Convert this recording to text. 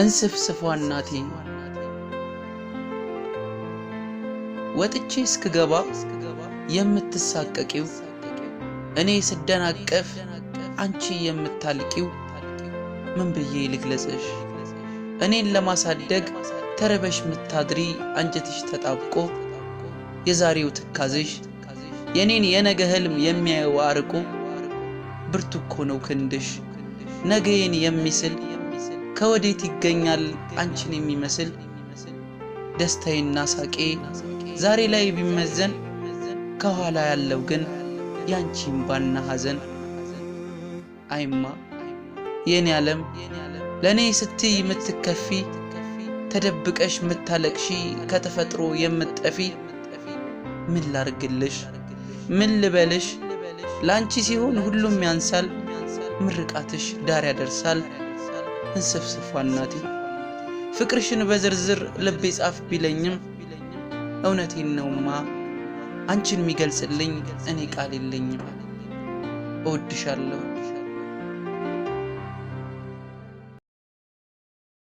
እንስፍስፏ እናቴ ወጥቼ እስክገባ የምትሳቀቂው እኔ ስደናቀፍ አንቺ የምታልቂው ምን ብዬ ልግለጽሽ? እኔን ለማሳደግ ተረበሽ ምታድሪ አንጀትሽ ተጣብቆ የዛሬው ትካዝሽ የኔን የነገ ህልም የሚያየው አርቆ ብርቱ እኮ ነው ክንድሽ ነገዬን የሚስል ከወዴት ይገኛል አንቺን የሚመስል ደስታዬና ሳቄ ዛሬ ላይ ቢመዘን ከኋላ ያለው ግን ያንቺ ባና ሐዘን። አይማ የኔ ዓለም ለእኔ ስትይ የምትከፊ ተደብቀሽ የምታለቅሺ ከተፈጥሮ የምትጠፊ ምን ላርግልሽ ምን ልበልሽ? ለአንቺ ሲሆን ሁሉም ያንሳል፣ ምርቃትሽ ዳር ያደርሳል። እንሰፍስፏ ፍቅርሽን በዝርዝር ልቤ ጻፍ ቢለኝም እውነቴን ነውማ አንቺን የሚገልጽልኝ እኔ ቃል የለኝም። እወድሻለሁ።